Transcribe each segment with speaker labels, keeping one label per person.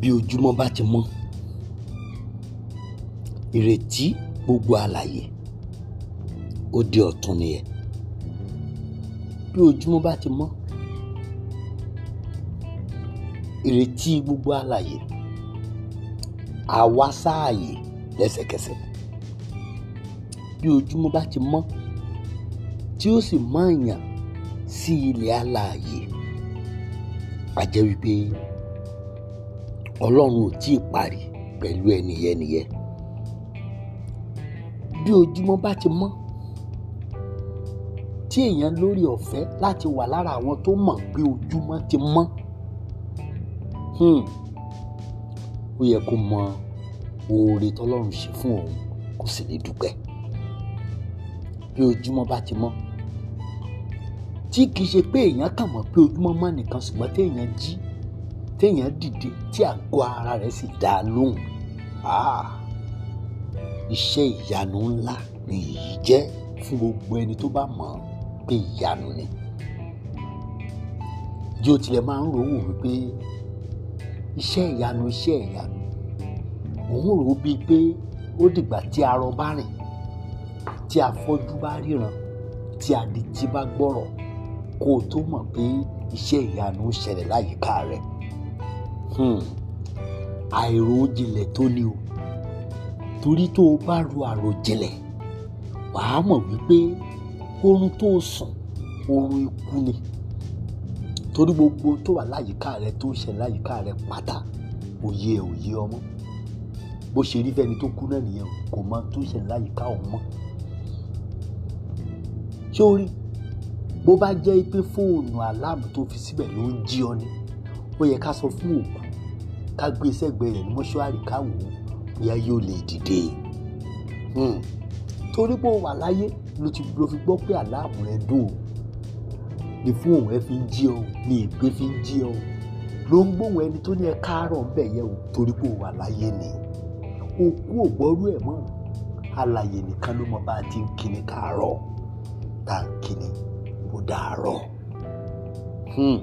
Speaker 1: bí ojúmọ́ bá ti mọ́ ìrètí gbogbo àlàyé ó di ọ̀tun nìyẹn bí ojúmọ́ bá ti mọ́ ìrètí gbogbo àlàyé àwa sáàyè lẹ́sẹ̀kẹsẹ̀ bí ojúmọ́ bá ti mọ́ tí ó sì máa yàn sí ilẹ̀ àlàyé a wípé ọlọ́run ò tí ì parí pẹ̀lú ẹnìyẹn nìyẹn bí ojúmọ́ bá ti mọ́ tí èèyàn lórí ọ̀fẹ́ láti wà lára àwọn tó mọ̀ pé ojúmọ́ ti mọ́ hmm, ó yẹ kó mọ oore tọ́lọ́run ṣe fún òun kó sì lè dúpẹ́ bí ojúmọ́ bá ti mọ́ tí kì í ṣe pé èèyàn kàn mọ̀ pé ojúmọ́ mọ́ nìkan ṣùgbọ́n téèyàn jí téèyàn dìde tí àgọ́ ara rẹ̀ sì dá lóhùn ah, iṣẹ́ ìyanu ńlá ni èyí jẹ́ fún gbogbo ẹni tó bá mọ̀ pé ìyanu ni jí o tilẹ̀ máa ń rówó wípé iṣẹ́ ìyanu iṣẹ́ ìyanu òun rò bíi pé ó dìgbà tí arọ bá rìn tí afọ́jú bá ríran tí adití bá gbọ́rọ̀ kó o tó mọ̀ pé iṣẹ́ ìyanu ṣẹlẹ̀ láyìíká rẹ̀. Hmm. àìròjinlẹ̀ tó ni o torí tó o bá ro àròjinlẹ̀ wàá mọ̀ wípé oorun tó o sùn oorun ikú ni torí gbogbo tó wà láyìíká rẹ tó ń ṣe láyìíká rẹ pátá òye òye ọmọ bó ṣe rí fẹ́ni tó kú náà nìyẹn kò mọ tó ń ṣe láyìíká òun mọ́ ṣé o rí bó bá jẹ́ pé fóònù aláàmù tó fi síbẹ̀ ló ń jí ọ ni ó yẹ ká sọ fún òkú ká gbé sẹ́gbẹ̀ẹ́ rẹ̀ ní mọ́ṣúárì káwò bóyá yóò lè dìde hmm. torí pé ó wà láyé ló ti ló fi gbọ́ pé àláàmù rẹ̀ dùn ó ní fóònù ẹ fi ń jí ọ ní ègbé fi ń jí ọ ló ń gbóhùn ẹni tó ní ẹ káàárọ̀ ń bẹ̀ yẹ o torí pé ó wà láyé ni òkú ò gbọ́rú ẹ̀ mọ́ alàyè nìkan ló mọ bá a ti ń kíni káàárọ̀ tá a ń kíni bó dàárọ̀ hmm.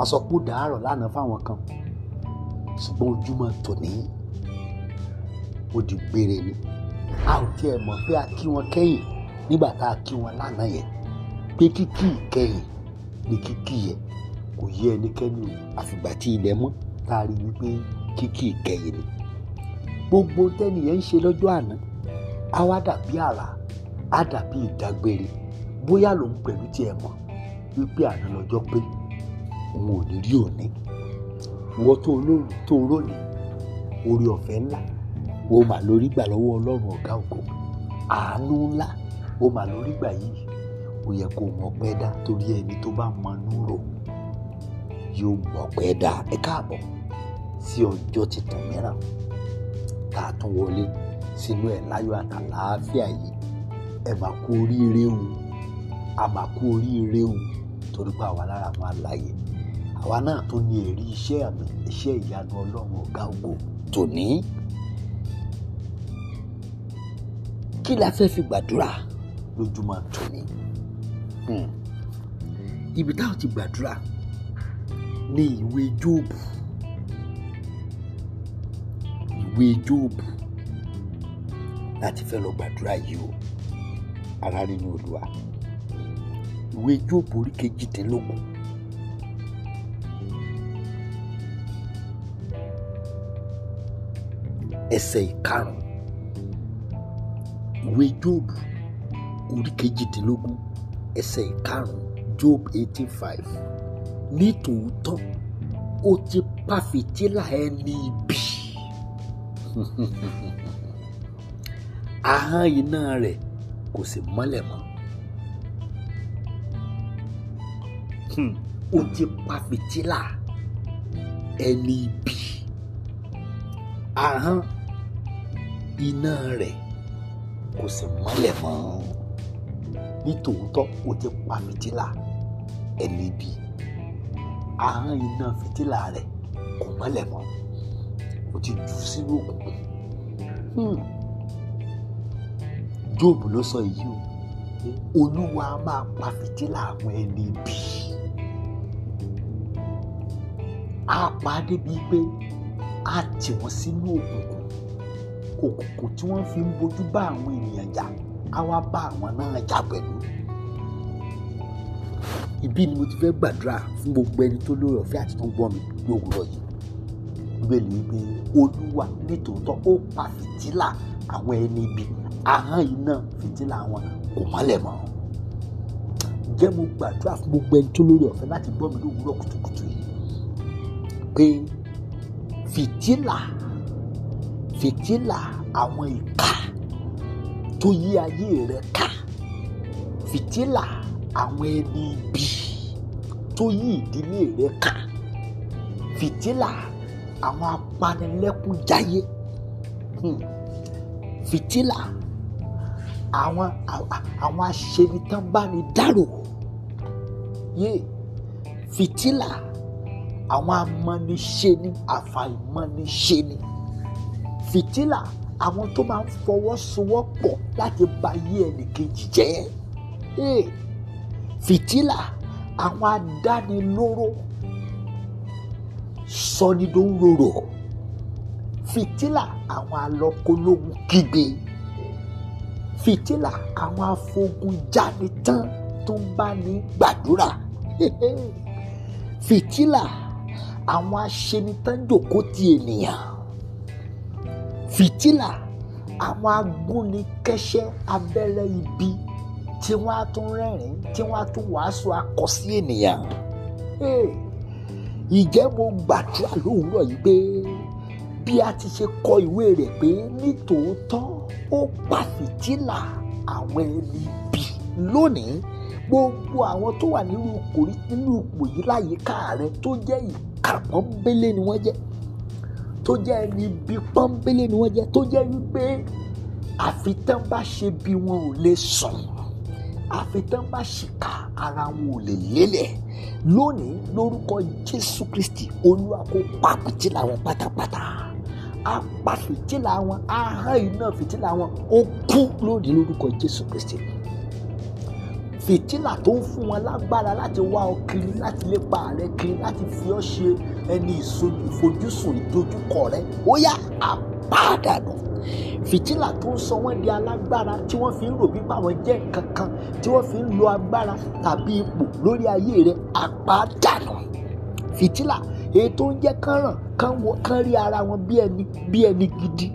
Speaker 1: a sọ pé ó dàárọ̀ lánàá fáwọn kan ṣùgbọ́n ojúmọ́ tòní ó di gbére ni a ò tiẹ̀ mọ̀ pé a kí wọn kẹ́yìn nígbà tá a kí wọn lánàá yẹn pé kíkí ìkẹyìn ni kíkí yẹn kò yé ẹnikẹ́ni àfìgbà tí ilẹ̀ mọ́ tá a rí wípé kíkí ìkẹyìn ni gbogbo tẹ́nìyẹn ń ṣe lọ́jọ́ àná á wá dàbí àrà á dàbí ìdágbére bóyá lòun pẹ̀lú tiẹ̀ mọ̀ wípé àná lọ́jọ́ pé òun ò ní rí òní ìwọ tó olóòrùn tó olóòní orí ọ̀fẹ́ ńlá o mà lórí gbà lọ́wọ́ ọlọ́run ọ̀gá ògo àánú ńlá o mà lórí gbà yìí ó yẹ kó mọ̀ pẹ́ dá torí ẹni tó bá mọnú rò yóò mọ̀ pẹ́ dá ẹ káàbọ̀ sí ọjọ́ titun mìíràn tá a tún wọlé sínú ẹ̀ láyọ̀ àtàlàáfíà yìí ẹ máa kú oríire o a máa kú oríire o torí pé àwa lára máa láyè àwa náà tó ní èrí iṣẹ́ àmì iṣẹ́ ìyanu ọlọ́run ọ̀gá ògo tòní. kí la fẹ́ fi gbàdúrà lójúmọ́ tòní. Hmm. ibi táwọn ti gbàdúrà ní ìwé jóòbù ìwé jóòbù láti fẹ́ lọ gbàdúrà yìí o ara rí ní olúwa ìwé jóòbù orí kejìdínlógún ẹsẹ̀ ìkarùn ìwé jóòbù orí kejìdínlógún ẹsẹ̀ ìkarùn job eighty five nítòótọ́ ó ti pa fìtílà ẹni ibi ahọ́n iná rẹ̀ kò sì mọ́lẹ̀ mọ́ ó ti pa fìtílà ẹni ibi ahọ́n iná rẹ̀ kò sì mọ́lẹ̀ mọ́ nítòótọ́ ó ti pa fìtílà ẹni bí ahọ́n iná fìtílà rẹ̀ kò mọ́lẹ̀ mọ́ ó ti jù sínú òkùnkùn hmm. jóòbù ló sọ èyí o olúwa máa pa fìtílà àwọn ẹni a pa á débi pé a tì wọ́n sínú òkùnkùn òkùnkùn tí wọ́n fi ń bojú bá àwọn ènìyàn jà á wá bá àwọn náà jà pẹ̀lú. ibi ni mo ti fẹ́ gbàdúrà fún gbogbo ẹni tó lóore ọ̀fẹ́ àti tó ń gbọ́ mi lówùúrọ̀ yìí bẹ́ẹ̀ni wípé olúwa nítòótọ́ ó pa fìtílà àwọn ẹni ibi ahọ́n iná fìtílà wọn kò mọ́lẹ̀ mọ́ jẹ́ mo gbàdúrà fún gbogbo ẹni tó lórí ọ̀fẹ́ láti gbọ́ mi lówùúrọ̀ kùtùkùtù yìí pé fìtílà fìtílà àwọn ìka tó yí ayé rẹ ká fìtílà àwọn ẹni ibi tó yí ìdílé rẹ ká fìtílà àwọn apanilẹ́kúnjayé hmm. fìtílà àwọn àwọn aṣenitánbánidárò yé fìtílà àwọn amọ̀niṣeni àfàìmọ̀niṣeni fìtílà àwọn tó máa ń fọwọ́sowọ́pọ̀ láti ba ayé ẹnìkejì jẹ́ fìtílà àwọn adánilóró sọnidóńrorò fìtílà àwọn alọkólóhùn kígbe fìtílà àwọn afogunjánitán tó ń bá ní gbàdúrà fìtílà àwọn aṣenitán jòkó ti ènìyàn fìtílà àwọn agúnnikẹ́ṣẹ́ abẹ́rẹ́ ibi tí wọ́n á tún rẹ́rìn tí wọ́n á tún wàásù akọ sí ènìyàn. ìjẹ́ mo gbàdúrà lówùúrọ̀ yìí pé bí a ti ṣe kọ ìwé rẹ̀ pé nítòótọ́ ó pa fìtílà àwọn ẹni bí lónìí gbogbo àwọn tó wà nínú ipò yìí láyìíká rẹ tó jẹ́ ìkàpọ́nbélé ni wọ́n jẹ́ tó jẹ́ ẹni bí pọ́ńbélé ni wọ́n jẹ́ tó jẹ́ wípé àfi tán bá ṣe bí wọn ò lè sùn àfi tán bá ṣìkà ara wọn ò lè lélẹ̀ lónìí lórúkọ Jésù Kristi Olúwa kó pa fìtílà wọn pátápátá a pa fìtílà wọn a hàn iná fìtílà wọn ó kú lónìí lórúkọ Jésù Kristi fìtínà tó ń fún wọn lágbára láti wá ọ kiri láti lépa rẹ kiri láti fi ọ ṣe ẹni ìfojúsùn ìdojúkọ rẹ ó yá àpáàdànù fìtílà tó ń sọ wọ́n di alágbára tí wọ́n fi ń rò bí báwọn jẹ́ kankan tí wọ́n fi ń lo agbára tàbí ipò lórí ayé rẹ àpáàdànù fìtílà èyí tó ń jẹ́ kán ràn kán rí ara wọn bí ẹni bí ẹni gidi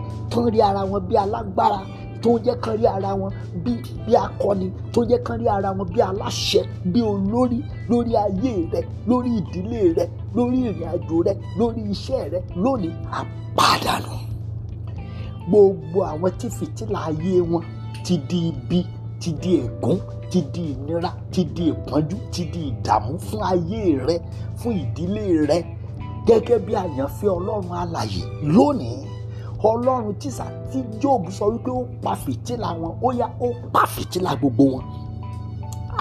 Speaker 1: rí ara wọn bí alágbára tó jẹ́ kán rí ara wọn bí bí akọni tó jẹ́ kán rí ara wọn bí aláṣẹ bí olórí lórí ayé rẹ lórí ìdílé rẹ lórí ìrìn àjò rẹ lórí iṣẹ́ rẹ lónìí àpàdánù gbogbo àwọn tí fìtílà ayé wọn ti di ibi ti di ègún ti di ìnira ti di ìpọ́njú ti di ìdààmú fún ayé rẹ fún ìdílé rẹ gẹ́gẹ́ bí àyànfẹ́ Ọlọ́run alààyè lónìí ọlọ́run tíṣà tí job sọ wípé ó pa fìtílà wọn ó yá ó pa fìtílà gbogbo wọn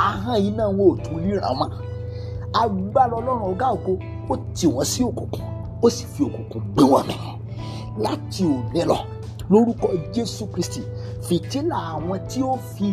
Speaker 1: ahọ́n iná wọn ò tún ríran mọ́ agbára ọlọ́run ọ̀gá ògo ó tì wọ́n sí òkùnkùn ó sì fi òkùnkùn gbé wọn mì láti òní lọ lórúkọ jésù kristi fìtílà àwọn tí ó fi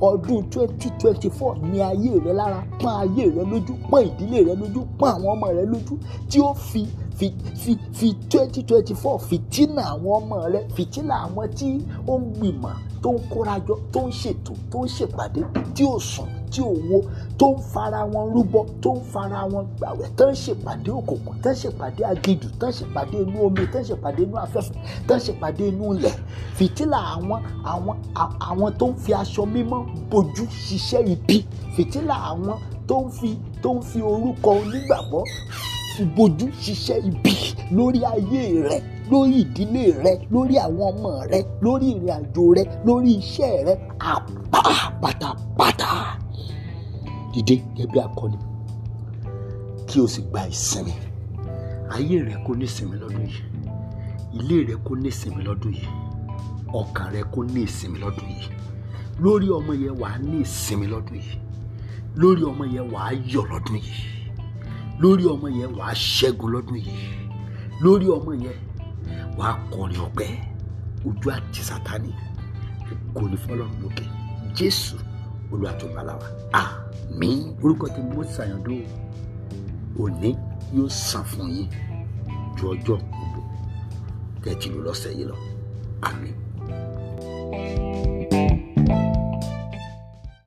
Speaker 1: ọdún twenty twenty four ní ayé rẹ lára pọ́n ayé rẹ lójú pọ́n ìdílé rẹ lójú pọ́n àwọn ọmọ rẹ lójú tí ó fi fi fi fi twenty twenty four fìtínà àwọn ọmọ rẹ fìtínà àwọn tí ó ń gbìmọ̀ tó ń kórajọ tó ń ṣètò tó ń ṣèpàdé tí ó sùn tí ò wo tó ń fara wọn rúbọ tó ń fara wọn gbàwẹ̀ tó ń ṣèpàdé òkùnkùn tó ń ṣèpàdé aginjù tó ń ṣèpàdé inú omi tó ń ṣèpàdé inú afẹ́fẹ́ tó ń ṣèpàdé inú ilẹ̀ fìtílà àwọn àwọn àwọn tó ń fi aṣọ mímọ́ bojú ṣiṣẹ́ ibi fìtílà àwọn tó ń fi tó ń fi orúkọ onígbàgbọ́ bojú ṣiṣẹ́ ibi lórí ayé rẹ̀ lórí ìdílé rẹ lórí àwọn ọmọ rẹ lórí ìrìn àjò rẹ lórí iṣẹ́ rẹ àpá pátápátá dìde gẹ́gẹ́ bí akọni kí o sì gba ìsinmi ayé rẹ kó ní ìsinmi lọ́dún yìí ilé rẹ kó ní ìsinmi lọ́dún yìí ọkàn rẹ kó ní ìsinmi lọ́dún yìí lórí ọmọ yẹn wàá ní ìsinmi lọ́dún yìí lórí ọmọ yẹn wàá yọ̀ lọ́dún yìí lórí ọmọ yẹn wàá ṣẹ́gun lọ́dún yìí lórí ọmọ yẹn wàá kọrin ọpẹ́ ojú àti sátani kò ní fọlọ́run lókè jésù olùwàtúmọ̀láwà àmì orúkọ tí mo ṣàyàndó òní yóò sàn fún yín ju ọjọ́ gbogbo tẹ́tí lò lọ́sẹ̀ yìí lọ àmì.